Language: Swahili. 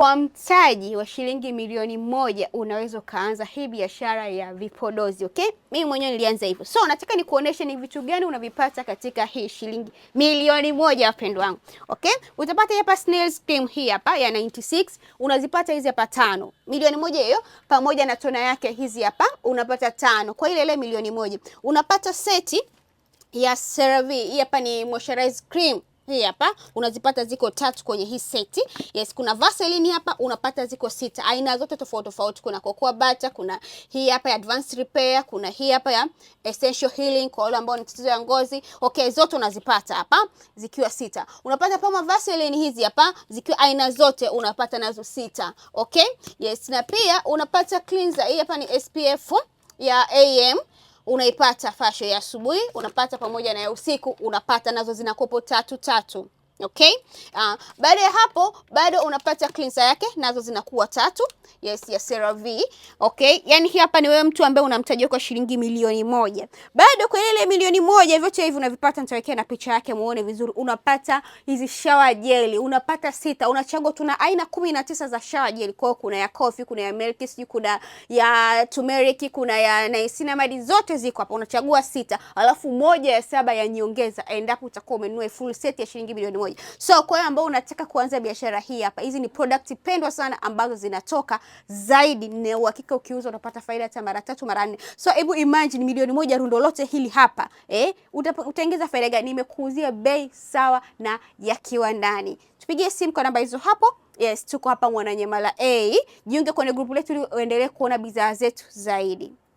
Kwa mtaji wa shilingi milioni moja unaweza ukaanza hii biashara ya vipodozi okay? Mimi mwenyewe nilianza hivyo, so nataka nikuoneshe ni vitu gani unavipata katika hii shilingi milioni moja wapendwa wangu okay? Utapata hapa snails cream hii hapa ya 96 unazipata hizi hapa tano, milioni moja hiyo pamoja na tona yake hizi hapa unapata tano, kwa ile ile milioni moja unapata seti ya CeraVe hii hapa ni moisturizer cream hii hapa unazipata ziko tatu kwenye hii seti. Yes, kuna Vaseline hapa unapata ziko sita. Aina zote tofauti tofauti, kuna cocoa butter, kuna hii hapa ya advanced repair, kuna hii hapa ya essential healing kwa wale ambao ni tatizo ya ngozi. Okay, zote unazipata hapa zikiwa sita. Unapata pama Vaseline hizi hapa zikiwa aina zote unapata nazo sita. Okay? Yes, na pia unapata cleanser. Hii hapa ni SPF ya AM unaipata fasho ya asubuhi, unapata pamoja na ya usiku, unapata nazo zinakopo tatu tatu. Okay? Uh, baada ya hapo bado unapata cleanser yake nazo zinakuwa tatu. Yes, ya CeraVe. Okay? Yaani hii hapa ni wewe mtu ambaye unamtajia kwa shilingi milioni moja. Bado kwa ile milioni moja vyote hivi unavipata, nitawekea na picha yake muone vizuri. Unapata hizi shower gel, unapata sita, unachagua tuna aina kumi na tisa za shower gel. Kwa kuna ya coffee, kuna ya milk, sijui kuna ya turmeric, kuna ya niacinamide zote ziko hapa. Unachagua sita, alafu moja ya saba ya nyongeza endapo utakuwa umenunua full set ya shilingi milioni moja moja. So kwa hiyo ambao unataka kuanza biashara hii hapa, hizi ni product pendwa sana ambazo zinatoka zaidi, na uhakika ukiuza utapata faida hata mara tatu mara nne. So hebu imagine milioni moja rundo lote hili hapa eh, utaongeza faida gani? Nimekuuzia bei sawa na ya kiwandani. Tupigie simu kwa namba hizo hapo. Yes, tuko hapa Mwananyamala A. Hey, jiunge kwenye grupu letu ili uendelee kuona bidhaa zetu zaidi.